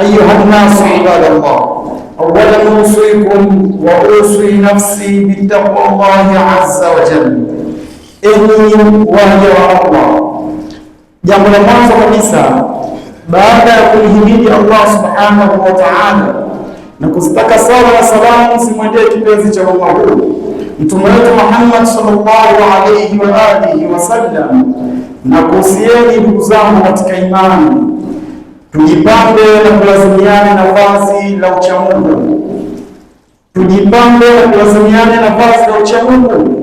أيها الناس عباد الله أولا أوصيكم وأوصي نفسي بتقوى الله عز وجل, enyi waja wa Allah. Jambo la mwanzo kabisa baada ya kumhimidi Allah subhanahu wa ta'ala na kuzitaka sala na salamu zimwendee kipenzi cha umma huu mtume wetu Muhammad sallallahu alayhi wa alihi wasallam, na kuhusieni ndugu zangu katika imani Tujipange na kulazimiane nafasi la uchamungu, tujipange na kulazimiane nafasi la uchamungu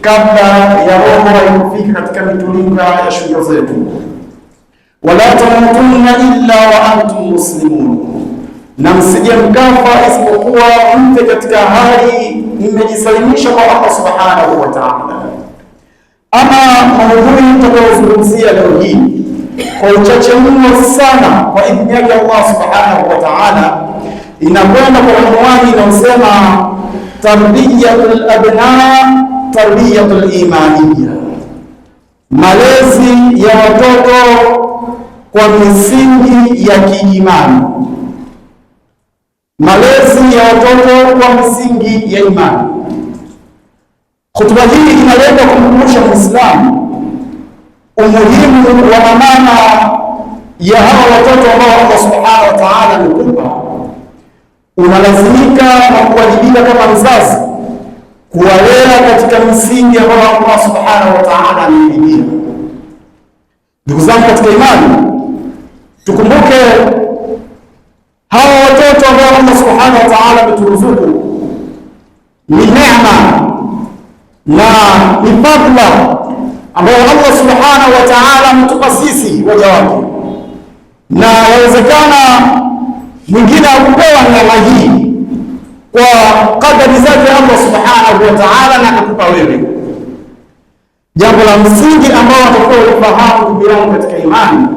kabla ya roho haikufika katika mitulinga ya shujo zetu. Wala tamutunna illa wa antum muslimun, na msije mkafa isipokuwa mte katika hali mmejisalimisha kwa Allah subhanahu wa ta'ala. Ama maudhui tutakayozungumzia leo hii kwa uchache mno sana, kwa idhini yake Allah subhanahu wa ta'ala, inakwenda kwa anwani inaosema tarbiyatul abna tarbiyatul imaniya, malezi ya watoto kwa misingi ya kiimani, malezi ya watoto kwa misingi ya imani. Hutuba hii inalenga kumkumbusha Muislamu umuhimu wa mamana ya hawa watoto ambao Allah subhanahu wa ta'ala amekupa, unalazimika na kuwajibika kama mzazi kuwalea katika msingi ambao Allah subhanahu wa ta'ala ameidia. Ndugu zangu katika imani, tukumbuke hawa watoto ambao Allah subhanahu wa ta'ala ameturuzuku ni neema na ni fadhila ambayo Allah subhanahu wa ta'ala ametupa sisi waja wake, na yawezekana mwingine akupewa neema hii kwa kadari zake Allah subhanahu wa ta'ala, na akakupa wewe. Jambo la msingi ambao watakuwa ufahamu ndugu yangu katika imani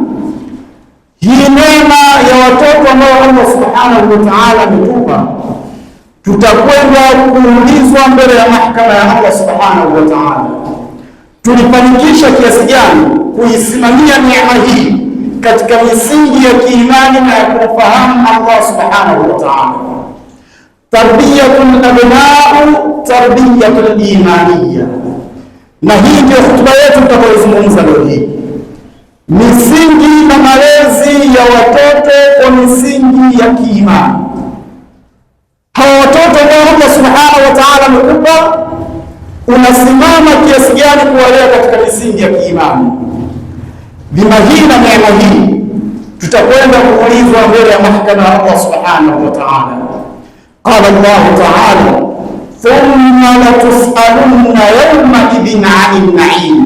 hii, neema ya watoto ambao Allah subhanahu wa ta'ala ametupa, tutakwenda kuulizwa mbele ya mahakama ya Allah subhanahu wa ta'ala tulifanikisha kiasi gani kuisimamia neema hii katika misingi ya kiimani na ya kumfahamu Allah subhanahu wa ta'ala. Tarbiyatul abnau tarbiyatul imaniya, na hii ndio hotuba yetu tutakayozungumza leo hii, misingi na malezi ya watoto kwa misingi ya kiimani. Hawa watoto ambao Allah subhanahu wa ta'ala amekupa unasimama kiasi gani kuwalea katika misingi ya kiimani. Dhima hii na neema hii tutakwenda kuulizwa mbele ya mahakama ya Allah subhanahu wa ta'ala. Qala Allah ta'ala, thumma latusalunna yawma idhin 'anil na'im,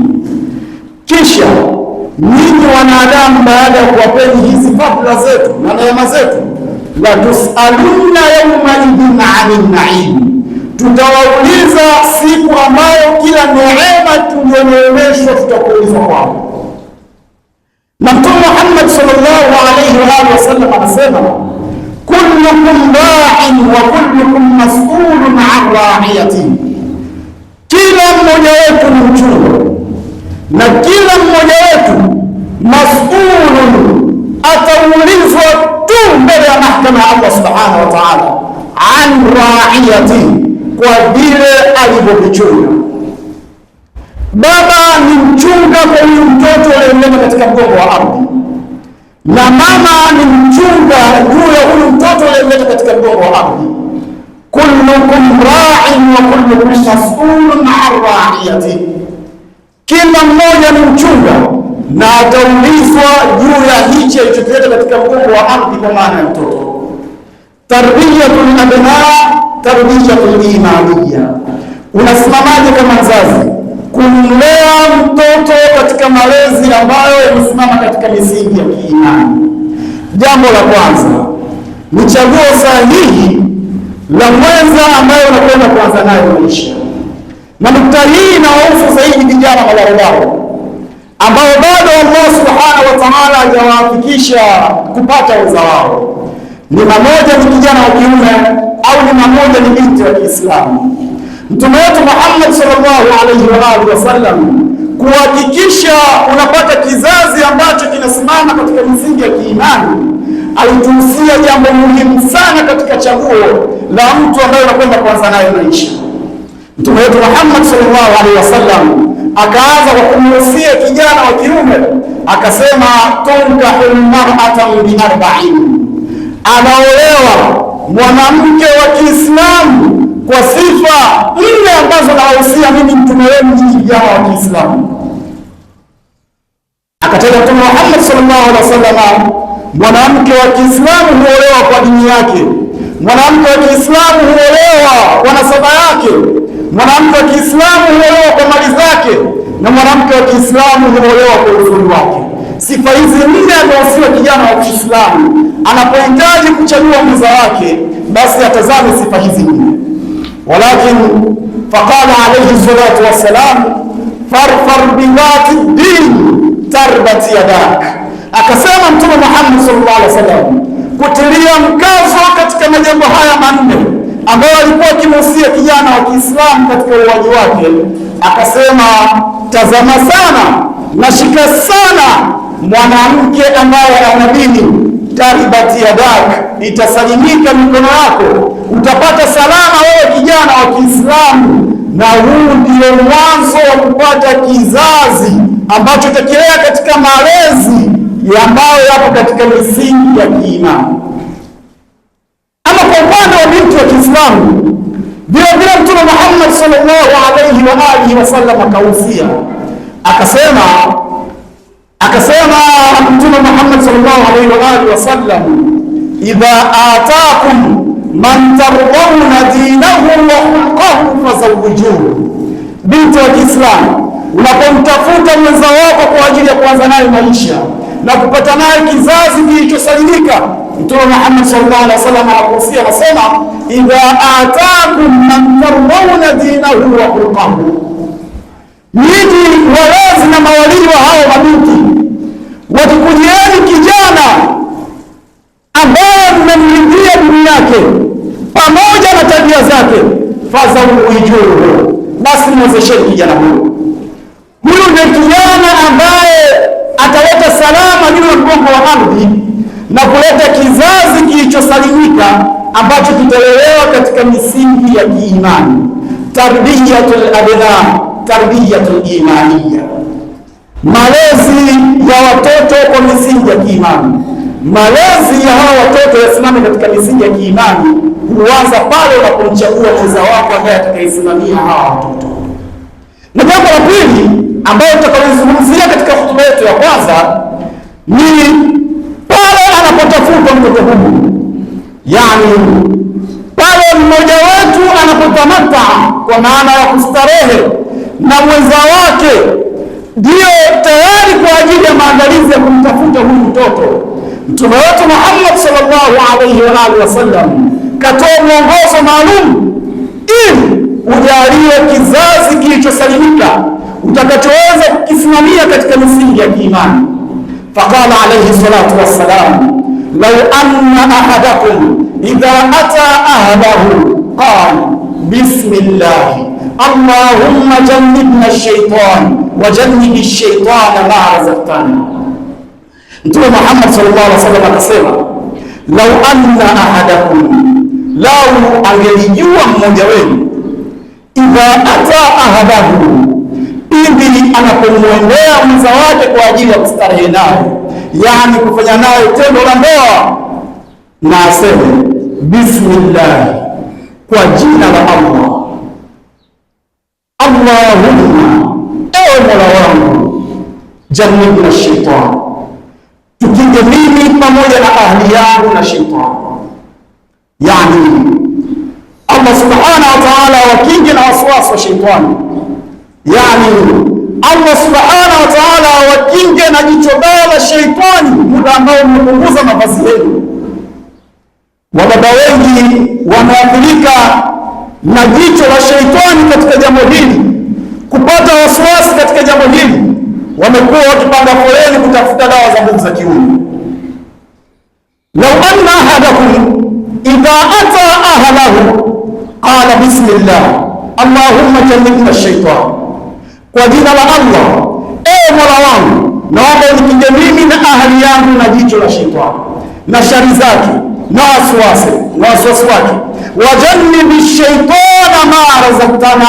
kisha ninyi wanadamu baada ya kuwapeni hizi fadhila zetu na neema zetu, latusalunna yawma idhin 'anil na'im tutawauliza siku ambayo kila neema tuliyoneemeshwa tutakuuliza kwao. Na Mtume Muhammad sallallahu alayhi wa alihi wasallam anasema kullukum ba'in wa kullukum mas'ulun an ra'iyati, kila mmoja wetu ni mchunga na kila mmoja wetu mas'ulun, ataulizwa tu mbele ya mahkama ya Allah subhanahu wa ta'ala an ra'iyati kwa vile alivyokuchunga. Baba ni mchunga kwa huyu mtoto aliyemleta katika mgongo wa ardhi, na mama ni mchunga juu ya huyu mtoto aliyemleta katika mgongo wa ardhi. Kullukum ra'in wa kullukum mas'ulun 'an ra'iyati, kila mmoja ni mchunga na ataulizwa juu ya hichi alichokileta katika mgongo wa ardhi, kwa maana ya mtoto tarbiyatul abnaa tarbiyatul imaniya. Unasimamaje kama mzazi kumlea mtoto katika malezi ambayo yamesimama katika misingi ya kiimani? Jambo la kwanza ni chaguo sahihi la mwenza ambayo unakwenda kuanza naye maisha, na nukta hii inawahusu zaidi vijana wadarobaro ambao bado Allah subhanahu wa ta'ala hajawafikisha kupata uzao wao Lima moja ni kijana wa kiume au lima moja ni binti wa Kiislamu. Mtume wetu Muhammad sallallahu alaihi wa alihi wasallam kuhakikisha unapata kizazi ambacho kinasimama katika misingi ya kiimani, alituhusia jambo muhimu sana katika chaguo la mtu ambaye unakwenda kuanza naye maisha. Mtume wetu Muhammad sallallahu alaihi wasallam akaanza kwa kumuhusia kijana wa kiume akasema, tunkahu lmarata biarbaini anaolewa mwanamke wa Kiislamu kwa sifa nne ambazo nawahusia mimi mtume wenu nyinyi vijana wa Kiislamu. Akataja Mtume Muhammad sallallahu alaihi wasallam, mwanamke wa Kiislamu huolewa kwa dini yake, mwanamke wa Kiislamu huolewa kwa nasaba yake, mwanamke wa Kiislamu huolewa kwa mali zake, na mwanamke wa Kiislamu huolewa kwa uzuri wake. Sifa hizi nne anaosiwa kijana wa Kiislamu anapohitaji kuchagua mwenza wake, basi atazame sifa hizi nne. Walakin faqala alayhi salatu wassalam, farfar bidhati din tarbati yadak, akasema Mtume Muhammad sallallahu alaihi wasallam kutilia mkazo katika majambo haya manne ambayo alikuwa akimhusia kijana wa Kiislamu katika uwaji wake, akasema tazama sana nashika sana mwanamke ambaye ana dini taribati dak itasalimika mikono yako, utapata salama wewe kijana wa Kiislamu. Na huu ndio mwanzo wa kupata kizazi ambacho utakilea katika malezi ambayo yapo katika misingi ya kiimani. Ama kwa upande wa binti wa Kiislamu, vile vile Mtume Muhammad sallallahu alaihi wa alihi wasallam akahusia akasema Akasema Mtume Muhammad sallallahu alaihi wa alihi wasallam, idha ataakum man tardawna dinahu wa khuluquhu fazawwijuhu. Binti wa Kiislamu, unapomtafuta mwenza wako kwa ajili ya kuanza naye maisha na kupata naye kizazi kilichosalimika, Mtume Muhammad sallallahu alaihi wasallam anakuhusia, anasema idha ataakum man tardawna dinahu wa khuluquhu, nyinyi walezi na mawalii wa hao mabinti wakikujieni kijana ambaye mmemlipia dini yake pamoja na tabia zake, fazauijuhu, basi mwezesheni kijana huyu. Huyu ndiye kijana ambaye ataleta salama juu ya mgongo wa ardhi na kuleta kizazi kilichosalimika ambacho kitalelewa katika misingi ya kiimani, tarbiyatul abdan, tarbiyatul imaniya Malezi ya watoto kwa misingi ya kiimani. Malezi ya hawa watoto yasimame katika misingi ya kiimani, huanza pale unapomchagua mzazi wako ambaye atakayesimamia hawa watoto. Na jambo la pili ambayo tutakalizungumzia katika hotuba yetu ya kwanza ni pale anapotafuta mtoto huyu, yani pale mmoja wetu anapotamata kwa maana ya kustarehe na mwenza wake ndiyo tayari kwa ajili ya maandalizi ya kumtafuta huyu mtoto. Mtume wetu Muhammad sallallahu alaihi wa alihi wasallam katoa mwongozo maalum ili ujalie kizazi kilichosalimika utakachoweza kukisimamia katika misingi ya kiimani. Faqala alaihi salatu wassalam, lau anna ahadakum idha ata ahadahu qala bismillahi allahumma jannibna shaitan wajannibi shaitana ma razaqtana. Mtume Muhammad sallallahu alaihi wasallam akasema, lau anna ahadakum, lau angelijua mmoja wenu, idha ata ahadahu, pindi anapomwendea mwenza wake kwa ajili ya kustarehe nayo, yani kufanya nayo tendo la ndoa, na aseme bismillah, kwa jina la Allah, Allahumma ewe Mola wangu, jannibna na shetani, tukinge mimi pamoja na ahli yangu na shetani. Yani Allah subhana wa taala wakinge na wasiwasi wa shetani, yani Allah subhana wa taala wakinge na jicho baya la shaitani, muda ambao umepunguza mavazi yenu. Wababa wengi wameathirika na jicho la shetani katika jambo hili kupata wasiwasi katika jambo hili, wamekuwa wakipanga foleni kutafuta dawa za nguvu za kiume. lau anna ahadakum idha ata ahlahu qala bismillah allahumma jannibna shaitan, kwa jina la Allah, e mola wangu, naomba unikinge mimi na ahali yangu na jicho la shaitan na shari zake na wasiwasi na wasiwasi wake. wajannibi shaitana ma razaktana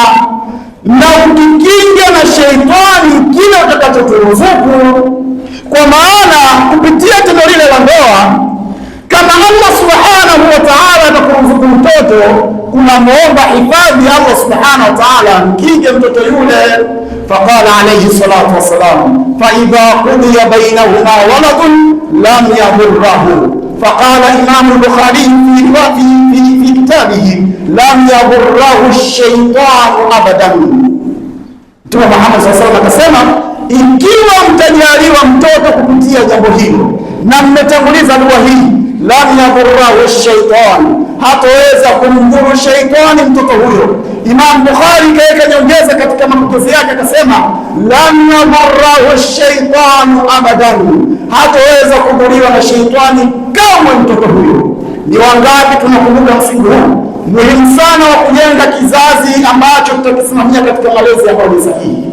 na ukikinga na sheitani kila utakachoturuzuku. Kwa maana kupitia tendo lile la ndoa, kama Allah subhanahu wa ta'ala atakuruzuku mtoto, kunamwomba hifadhi Allah subhanahu wa ta'ala, mkinge mtoto yule. Faqala alayhi salatu wassalam, faidha qudiya bainahuma waladun lam yadhurrahu Faqala Imamu Bukhari fi kitabihi lam yaghurrahu shaitanu abadan. Mtume Muhammad sallallahu alaihi akasema, ikiwa mtajaliwa mtoto kupitia jambo hilo na mmetanguliza dua hii, lam yaghurrahu shaitanu, hataweza kumdhuru shaitani mtoto huyo. imamu Bukhari kaweka nyongeza katika mapokezi yake akasema, lam yaghurrahu shaitanu abadan, hatoweza kudhuriwa na shaitani kamwe mtoto huyo. Ni wangapi tunakumbuka msingi huu muhimu sana wa kujenga kizazi ambacho tutakisimamia katika malezi ambayo ni sahihi.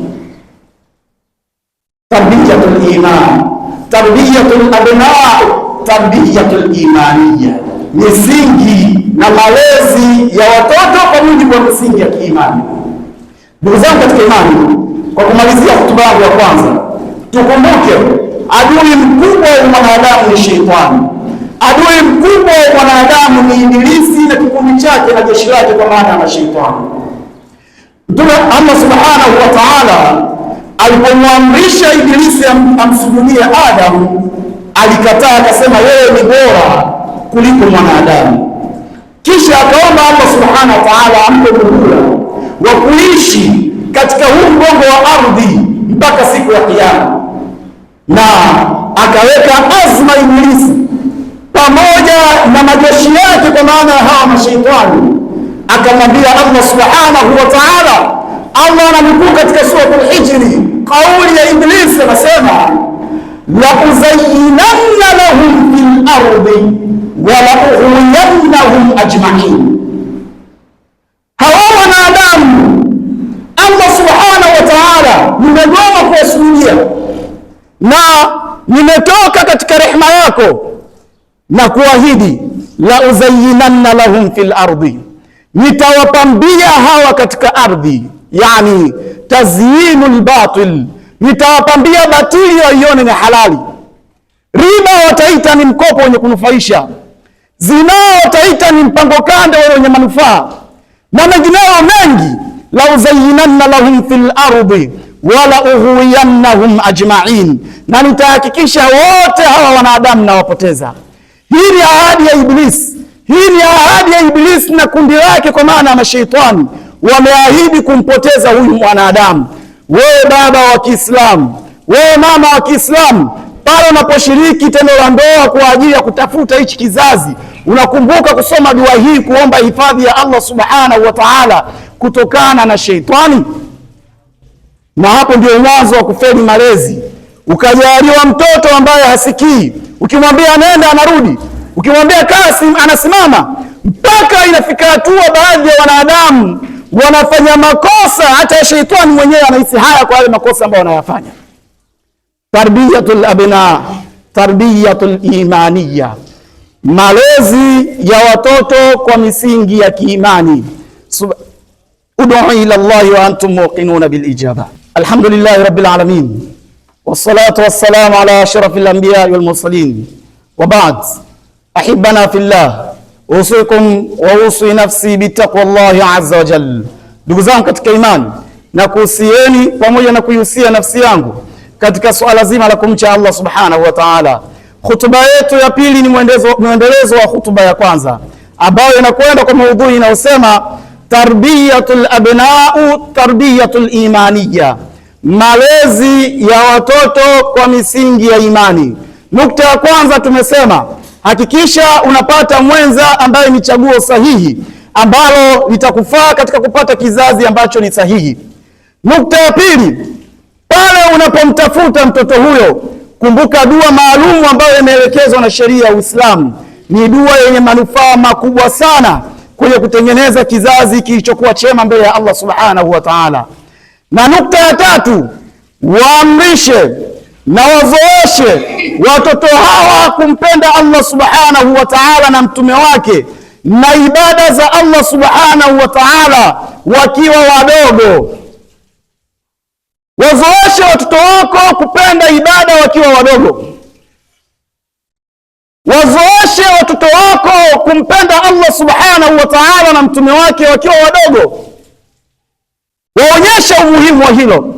Tarbiyatul iman, tarbiyatul abnaa, tarbiyatul imaniya, misingi na malezi ya watoto kwa mujibu wa misingi ya kiimani. Ndugu zangu katika imani, kwa kumalizia hotuba yangu ya kwanza, tukumbuke adui mkubwa wa mwanadamu ni shetani. Adui mkubwa wa mwanadamu ni Ibilisi na kikundi chake na jeshi lake, kwa maana ya mashaitani. Mtume Allah subhanahu wa taala alipomwamrisha Ibilisi amsujudie Adamu, alikataa akasema, yeye ni bora kuliko mwanadamu. Kisha akaomba Allah subhanahu wa taala ampe muhula wa kuishi katika huu mgongo wa ardhi mpaka siku ya Kiyama, na akaweka azma Ibilisi pamoja na majeshi yake, kwa maana ya hawa mashaitani. Akamwambia Allah subhanahu wa ta'ala, Allah ananukuu katika Suratul Hijri kauli ya Iblisi, anasema la uzayyinanna lahum fil ardi wa la ughwiyannahum ajma'in. Hawa wanadamu Allah subhanahu wa ta'ala, nimegoma kuwasujudia na nimetoka katika rehema yako na kuahidi, la uzayinanna lahum fil ardi, nitawapambia hawa katika ardhi. Yani tazyinu lbatil, nitawapambia batili waione ni halali. Riba wataita ni mkopo wenye kunufaisha, zinaa wataita ni mpango kande wenye manufaa na mengineo mengi. la uzayinanna lahum fil ardi wala uhuwiyannahum ajmain, na nitahakikisha wote hawa wanadamu nawapoteza. Hii ni ahadi ya Iblisi, hii ni ahadi ya Iblisi na kundi lake, kwa maana ya masheitani wameahidi kumpoteza huyu mwanadamu. Wewe baba wa Kiislamu, wewe mama wa Kiislamu, pale unaposhiriki tendo la ndoa kwa ajili ya kutafuta hichi kizazi, unakumbuka kusoma dua hii, kuomba hifadhi ya Allah subhanahu wa taala kutokana na sheitani. Na hapo ndio mwanzo wa kufeli malezi, ukajaliwa mtoto ambaye hasikii Ukimwambia anaenda anarudi, ukimwambia kaa anasimama, mpaka inafika hatua baadhi ya wanadamu wanafanya makosa, hata sheitani mwenyewe anahisi haya kwa yale makosa ambayo wanayafanya. Tarbiyatul abna, tarbiyatul imaniya, malezi ya watoto kwa misingi ya kiimani. Ud'u ila llahi wa antum muqinuna bil ijaba. Alhamdulillahi rabbil alamin wassalatu wassalamu ala ashrafi lambiyai walmursalin wal mursalin wa ba'd. Ahibana fillah usikum wa nafsi bitaqwallahi azza wa wajal Ndugu zangu katika imani, na pamoja na kuihusia nafsi yangu katika suala zima la kumcha Allah subhanahu wataala ta'ala. Hutuba yetu ya pili ni mwendelezo wa hutuba ya kwanza ambayo inakwenda kwa maudhui inayosema tarbiyatul abnau tarbiyatul imaniya malezi ya watoto kwa misingi ya imani. Nukta ya kwanza tumesema, hakikisha unapata mwenza ambaye ni chaguo sahihi ambalo litakufaa katika kupata kizazi ambacho ni sahihi. Nukta ya pili, pale unapomtafuta mtoto huyo, kumbuka dua maalumu ambayo imeelekezwa na sheria ya Uislamu. Ni dua yenye manufaa makubwa sana kwenye kutengeneza kizazi kilichokuwa chema mbele ya Allah subhanahu wa taala. Na nukta ya tatu, waamrishe na wazoeshe watoto hawa kumpenda Allah subhanahu wa ta'ala na mtume wake na ibada za Allah subhanahu wa ta'ala wakiwa wadogo. Wazoeshe watoto wako kupenda ibada wakiwa wadogo. Wazoeshe watoto wako kumpenda Allah subhanahu wa ta'ala na mtume wake wakiwa wadogo waonyeshe umuhimu wa hilo.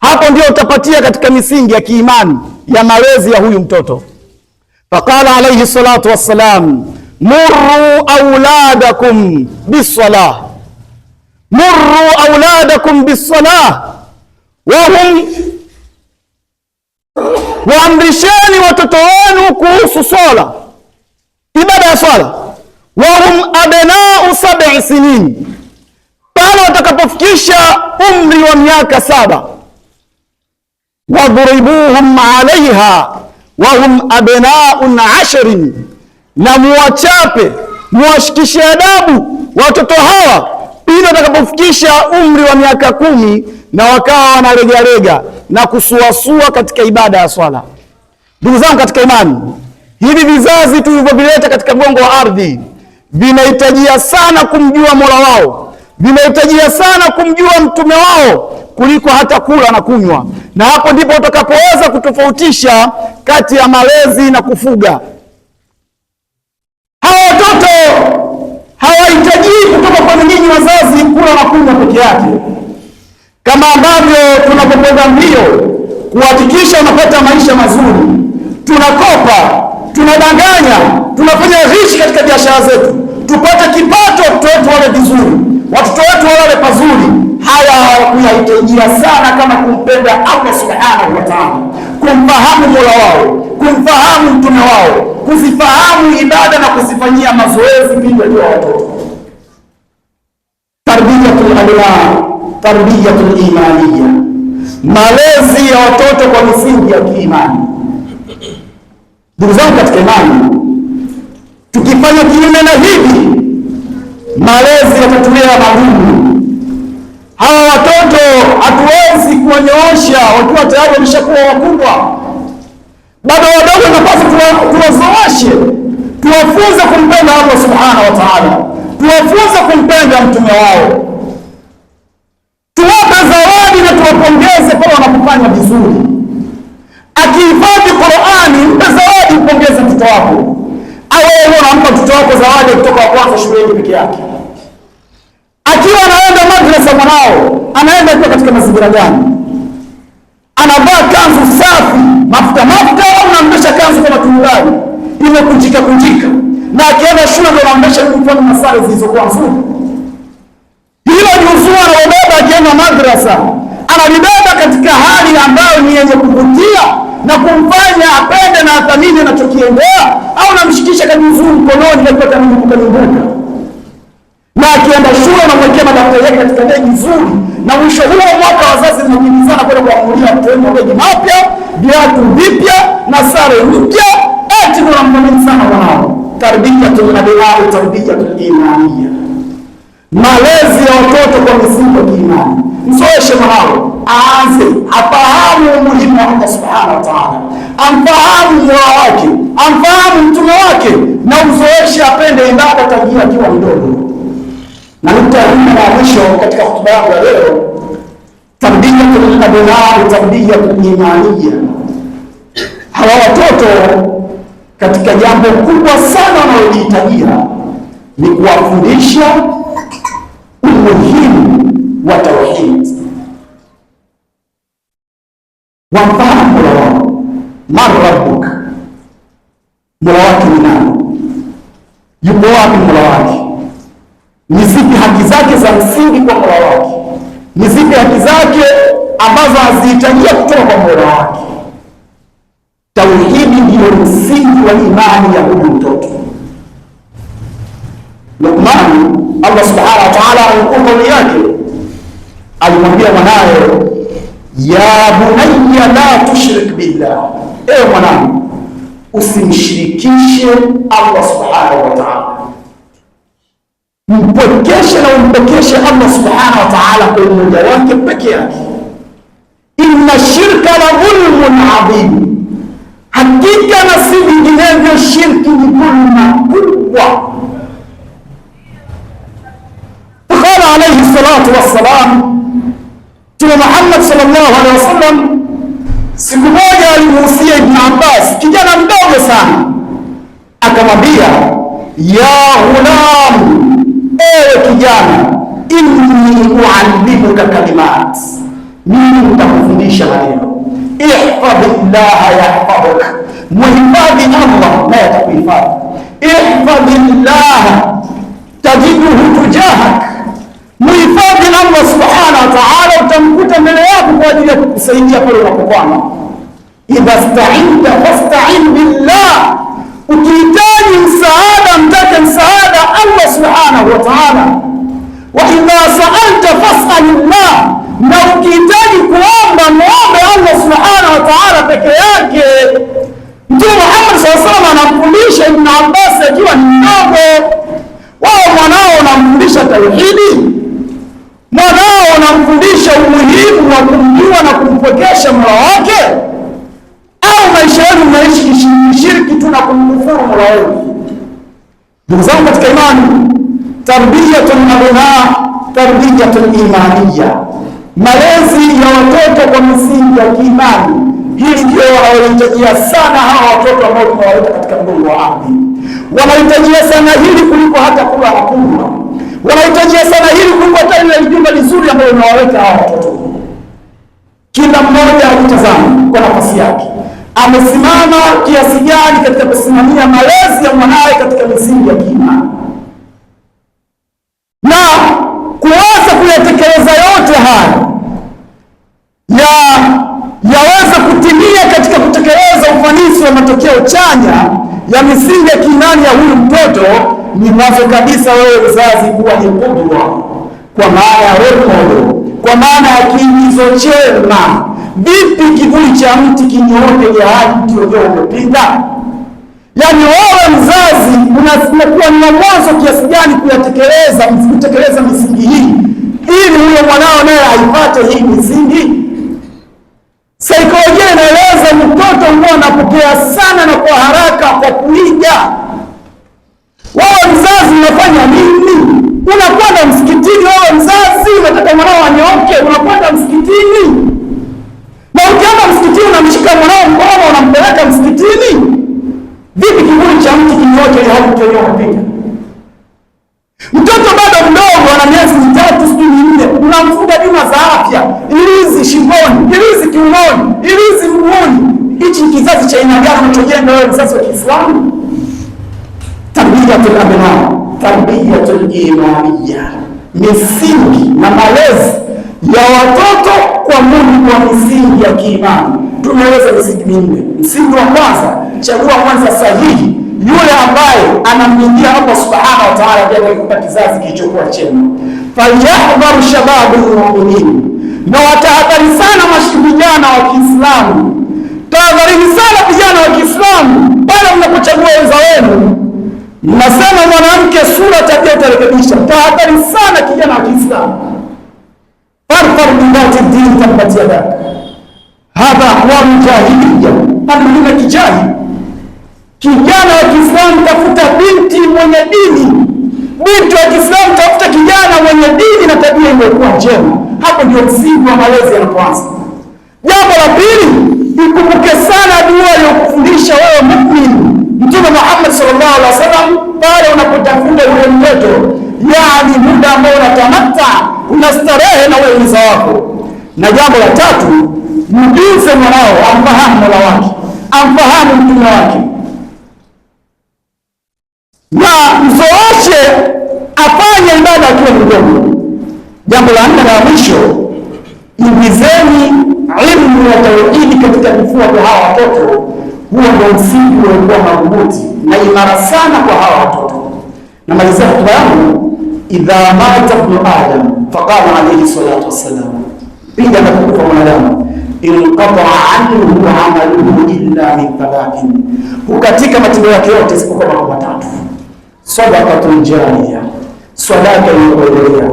Hapo ndio utapatia katika misingi ya kiimani ya malezi ya huyu mtoto. Faqala alayhi salatu wassalam, murru auladakum bisalah, murru auladakum bisalah wahum, waamrisheni watoto wenu kuhusu swala, ibada ya swala. Wahum abnau sab'i sinin wale watakapofikisha umri wa miaka saba, wadhribuhum alaiha wahum abnaun ashrin, na muwachape muwashikishe adabu watoto hawa pindi watakapofikisha umri wa miaka kumi na wakawa wanaregarega na kusuasua katika ibada ya swala. Ndugu zangu katika imani, hivi vizazi tulivyovileta katika mgongo wa ardhi vinahitajia sana kumjua mola wao vinahitajia sana kumjua mtume wao kuliko hata kula na kunywa, na hapo ndipo utakapoweza kutofautisha kati ya malezi na kufuga. Hawa watoto hawahitajii kutoka kwa nyinyi wazazi kula na kunywa peke yake, kama ambavyo tuna mbio kuhakikisha unapata maisha mazuri. Tunakopa, tunadanganya, tunafanya rishi katika biashara zetu tupate kipato, watoto wetu wale vizuri, watoto wetu wale pazuri. Haya kuyahitajia sana kama kumpenda Allah subhanahu wa taala, kumfahamu mola wao, kumfahamu mtume wao, kuzifahamu ibada na kuzifanyia mazoezi pindi wakiwa watoto. Tarbiyatul abnaa, tarbiyatul imaniya, malezi ya watoto kwa misingi ya kiimani. Ndugu zangu katika imani Tukifanya kinyume na hivi, malezi yatatulea magumu. Hawa watoto hatuwezi kuwanyoosha wakiwa tayari wameshakuwa wakubwa, bado wadogo, napasi tuwazoeshe, tuwafunze kumpenda Allah subhanahu wa ta'ala, tuwafunze kumpenda mtume wao, tuwape zawadi na tuwapongeze pale wanapofanya vizuri. Akihifadhi Qur'ani, mpe zawadi, mpongeze mtoto wako wewe huwa unampa mtoto wako zawadi kutoka wa kwanza shuleni peke yake, akiwa anaenda madrasa mwanao anaenda kwa katika mazingira gani? Anavaa kanzu safi, mafuta mafuta, au unamvesha kanzu kama tunulaji ile kunjika, na akienda shule ndio unamvesha uniform na zilizokuwa nzuri. Hilo ni uzuri anaobeba akienda madrasa, analibeba katika hali ambayo ni yenye kuvutia na kumfanya apende na athamini anachokiendea, au namshikisha kanizuu mkononi nakipata na akienda shule namwekea madaftari yake katika begi zuri, na mwisho huo mwaka wazazi zinajimbizana kwenda kuamulia mtoto mabegi mapya, viatu vipya na sare mpya, eti tunamdhamini sana mwanao. Tarbiyatun abiwau tarbiyatun imaniya, malezi ya watoto kwa misingi ya kiimani mzoeshe mwanao aanze afahamu umuhimu wa Allah subhanahu wa ta'ala, amfahamu mola wake, amfahamu mtume wake na uzoeshe apende endapo tangia akiwa mdogo. Na nukta ya nne na mwisho katika hotuba yangu ya leo, tabdiyatul abnaa, tabdiyatul imaniya. Hawa watoto katika jambo kubwa sana wanalohitajia ni kuwafundisha umuhimu wa tauhid wafahamu mola wao, man rabbuka, mola wake ni nani? Yupo wapi mola wake? Ni zipi haki zake za msingi kwa mola wake? Ni zipi haki zake ambazo hazihitajia kutoka kwa mola wake? Tauhidi ndiyo msingi wa imani ya huyu mtoto Lukmani. Allah subhanahu wa ta'ala alimwambia mwanawe, ya bunayya la tushrik billah, ewe mwanangu usimshirikishe Allah subhanahu wa ta'ala, mpwekeshe na umpekeshe Allah subhanahu wa ta'ala kwa umoja wake peke yake. Inna shirka la dhulmun adhim, hakika na si vinginevyo shirki ni dhulma kubwa. Qala alayhi salatu wassalam Mtume Muhammad sallallahu alaihi wasallam siku moja alimuhusia Ibn Abbas, kijana mdogo sana, akamwambia ya ghulam, ewe kijana, inni uallimuka kalimat, mimi nitakufundisha maneno. Ihfadhi llaha yahfadhuka, muhifadhi Allah naye atakuhifadhi. Ihfadhi llaha tajidhu tujahak Muhifadhi Allah subhana wa taala, utamkuta mbele yako kwa ajili ya kukusaidia pale unapokwama. Idha stainta fastain billah, ukihitaji msaada mtake msaada Allah subhanahu wa taala. Wa idha saalta fasalillah, na ukihitaji kuomba muombe Allah subhana wa taala peke yake. Mtume Muhammad sallallahu alaihi anamfundisha Ibn Abbas akiwa ni mdogo, wao mwanao unamfundisha tauhidi mwanao unamfundisha umuhimu wa kumjua na kumpwekesha Mola wake, au maisha yenu mnaishi kishiriki tu na kumkufuru Mola wenu? Ndugu zangu katika imani, tarbiyatun abnaa tarbiyatun imaniya, malezi ya watoto kwa misingi ya kiimani. Hii ndio wanaohitajia sana hawa watoto ambao tunawaleta katika mgongo wa ardhi, wanahitajia sana hili kuliko hata kula na kunywa wanahitajia sana hili kubwa tani na jumba lizuri ambalo linawaweka hawa watoto. Kila mmoja akitazama kwa nafasi yake amesimama kiasi gani katika kusimamia malezi ya mwanawe katika misingi ya kiimani na kuweza kuyatekeleza yote haya ya yaweza kutimia katika kutekeleza ufanisi wa matokeo chanya ya misingi ya kiimani ya huyu mtoto mwanzo kabisa wewe mzazi kuwa ni kudwa, kwa maana ya rekodi, kwa maana ya kiigizo chema. Vipi kivuli cha mti kinyoote ya hadi mti wenyewe umepinda? Yaani wewe mzazi unakuwa ni mwanzo kiasi gani kuyatekeleza kutekeleza misingi hii, ili huyo mwanao naye aipate hii misingi. Saikolojia inaeleza mtoto huwa anapokea sana na kwa haraka kwa kuiga wewe mzazi unafanya nini? Unakwenda msikitini? Wewe mzazi unataka mwanao anyoke, unakwenda msikitini? Na ukienda msikitini unamshika mwanao mkono, unampeleka msikitini? Vipi kivuli cha mti kinyoke ili Mtoto bado mdogo, ana miezi mitatu sijui minne, unamfunga juma za afya, ilizi shingoni, ilizi kiunoni, ilizi mguuni. Hichi ni kizazi cha aina gani unachojenga wewe, mzazi wa Kiislamu? tarbiyatul abna, tarbiyatul imaniya, misingi na malezi ya watoto kwa Mungu wa misingi ya kiimani. Tumeweza misingi minne. Msingi wa kwanza, chagua mwanza sahihi, yule ambaye anamjia Allah subhanahu wa ta'ala, ndiye atakupa kizazi kilichokuwa chema. Falyahdharu shababu lmuminin, na watahadhari sana vijana wa Kiislamu, tahadharini sana vijana wa Kiislamu pale mnapochagua wenza wenu Nasema mwanamke sura, tabia utarekebisha. Tahadhari sana kijana wa Kiislamu, farfar bidati dini tabbat yada hadha ahwamu jahiliya, amruna kijahi. Kijana wa Kiislamu tafuta binti mwenye dini, binti wa Kiislamu tafuta kijana mwenye dini na tabia iliyokuwa njema. Hapo ndio msingi wa malezi yanapoanza. Jambo la pili, ikumbuke sana dua aliyokufundisha wewe muumini Mtume Muhammad sallallahu alaihi wasallam pale unapotafuta ule mtoto, yani muda ambao unatamata unastarehe na wenza wako. Na jambo la tatu, mjuze mwanao amfahamu mola wake, amfahamu mtume wake, na mzoeshe afanye ibada akiwa mdogo. Jambo la nne la mwisho, ingizeni ilmu ya tauhidi katika kufua vya hawa watoto. Huo ndio msingi uliokuwa madhubuti na imara sana kwa hawa watoto. Na Namalizia hotuba yangu, idha mata ibnu adam faqala alayhi salatu wassalam, pindi atakapokufa mwanadamu inqataa anhu amaluhu illa min thalathin, hukatika matendo yake yote isipokuwa mambo matatu: sadaqatun jariya, sadaka iliyokuendelea.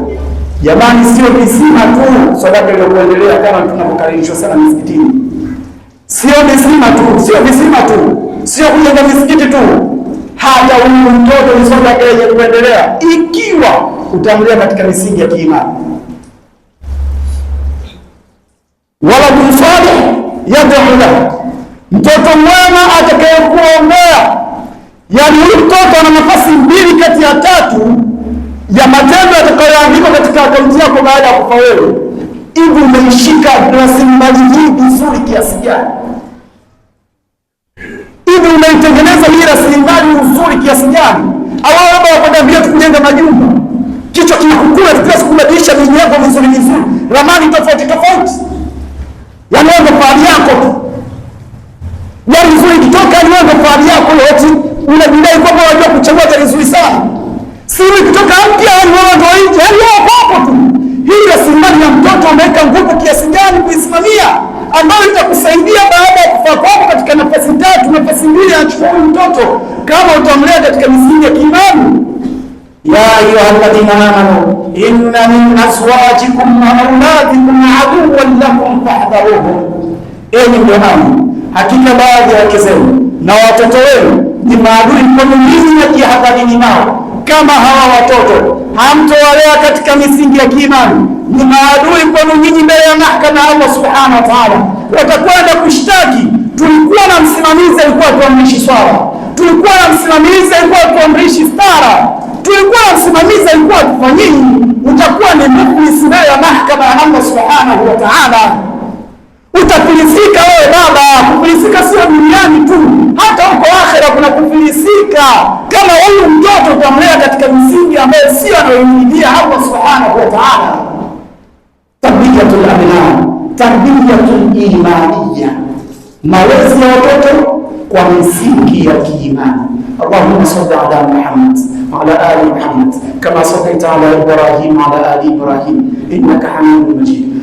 Jamani, sio kisima tu sadaka iliyokuendelea, kama tunavyokaribishwa sana misikitini. Sio kisima tu, sio kisima tu sio kujenga misikiti tu, hata huyu mtoto msonga kwenye kuendelea, ikiwa utamlea katika misingi ya kiimani. wala salih yad'u lahu, mtoto mwema atakayekuombea. Yani huyu mtoto ana nafasi mbili kati ya tatu ya matendo yatakayoandikwa katika akaunti yako baada ya kufa wewe. Hivi umeishika rasilimali hii vizuri kiasi gani? hivi unaitengeneza hii rasilimali nzuri kiasi gani? Au labda wakwambia tukujenga majumba, kichwa kinakukula kila siku, kubadilisha vinyago vizuri vizuri, ramani tofauti tofauti, yaani wewe fahari yako tu. Gari nzuri ikitoka, yaani wewe fahari yako yote, unajidai kwamba unajua kuchagua gari nzuri sana, simu ikitoka mpya, yaani wewe ndio hicho, yaani wewe hapo tu. Hii rasilimali ya mtoto ameweka nguvu kiasi gani kuisimamia? ambayo itakusaidia baada ya kufa kwako katika nafasi tatu, nafasi mbili anachukua huyu mtoto kama utamlea katika misingi ya kiimani. ya ayuha alladhina amanu inna min azwajikum wa auladikum aduwan lakum fahdharuhum, enyi mlioamini, hakika baadhi ya wake zenu na watoto wenu ni maadui kwenu, ninyi na jihadharini nao. Kama hawa watoto hamtowalea katika misingi ya kiimani ni maadui kwenu nyinyi mbele ya mahakama ya Allah subhanahu wa ta'ala. Watakwenda kushtaki, tulikuwa na msimamizi alikuwa atuamrishi swala, tulikuwa na msimamizi alikuwa atuamrishi stara, tulikuwa na msimamizi alikuwa atufanyii. Utakuwa ni muflis mbele ya mahakama ya Allah subhanahu wa ta'ala. Utafilisika wewe baba. Kufilisika sio duniani tu, hata huko akhera kuna kufilisika. Kama huyu mtoto utamlea katika misingi ambayo sio anayoimidia Allah subhanahu wa ta'ala. Tabiyatu al-abna, tabiyatu imaniya, malezi ya watoto kwa misingi ya kiimani. Allahumma salli ala Muhammad wa ala ali Muhammad kama sallaita ala Ibrahim wa ala ali Ibrahim innaka Hamidum Majid.